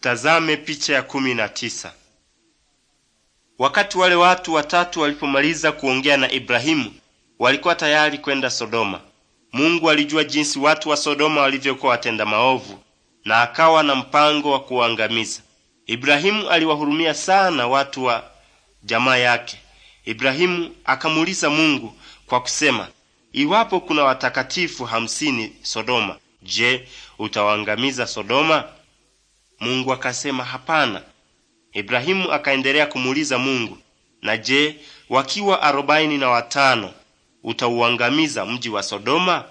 Tazame picha ya kumi na tisa. Wakati wale watu watatu walipomaliza kuongea na Ibrahimu, walikuwa tayari kwenda Sodoma. Mungu alijua jinsi watu wa Sodoma walivyokuwa watenda maovu na akawa na mpango wa kuwaangamiza. Ibrahimu aliwahurumia sana watu wa jamaa yake. Ibrahimu akamuuliza Mungu kwa kusema, iwapo kuna watakatifu hamsini Sodoma, je, utawaangamiza Sodoma? Mungu akasema hapana. Ibrahimu akaendelea kumuuliza Mungu, na je, wakiwa arobaini na watano utauangamiza mji wa Sodoma?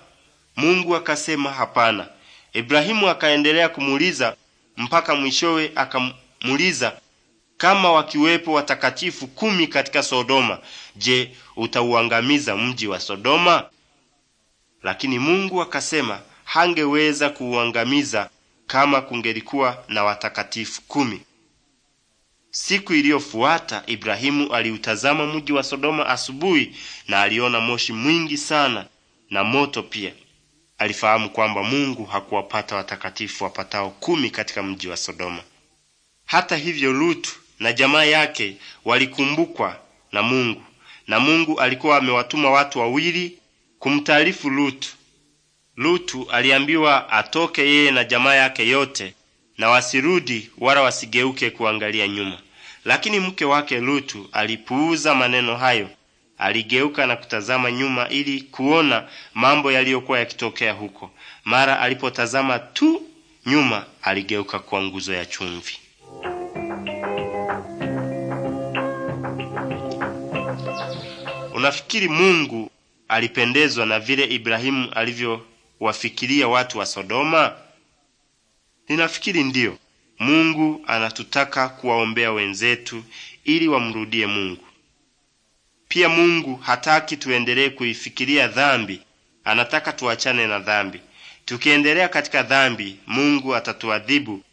Mungu akasema hapana. Ibrahimu akaendelea kumuuliza mpaka mwishowe akamuuliza, kama wakiwepo watakatifu kumi katika Sodoma, je, utauangamiza mji wa Sodoma? Lakini Mungu akasema hangeweza kuuangamiza kama kungelikuwa na watakatifu kumi. Siku iliyofuata Ibrahimu aliutazama mji wa Sodoma asubuhi na aliona moshi mwingi sana na moto pia. Alifahamu kwamba Mungu hakuwapata watakatifu wapatao kumi katika mji wa Sodoma. Hata hivyo, Lutu na jamaa yake walikumbukwa na Mungu, na Mungu alikuwa amewatuma watu wawili kumtaarifu Lutu Lutu aliambiwa atoke yeye na jamaa yake yote na wasirudi wala wasigeuke kuangalia nyuma. Lakini mke wake Lutu alipuuza maneno hayo, aligeuka na kutazama nyuma ili kuona mambo yaliyokuwa yakitokea huko. Mara alipotazama tu nyuma, aligeuka kwa nguzo ya chumvi. Unafikiri Mungu alipendezwa na vile Ibrahimu alivyo wafikiria watu wa Sodoma? Ninafikiri ndiyo. Mungu anatutaka kuwaombea wenzetu ili wamrudie Mungu. Pia Mungu hataki tuendelee kuifikiria dhambi, anataka tuachane na dhambi. Tukiendelea katika dhambi, Mungu atatuadhibu.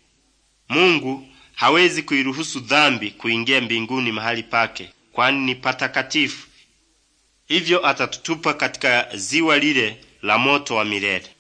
Mungu hawezi kuiruhusu dhambi kuingia mbinguni mahali pake, kwani ni patakatifu. Hivyo atatutupa katika ziwa lile la moto wa milele.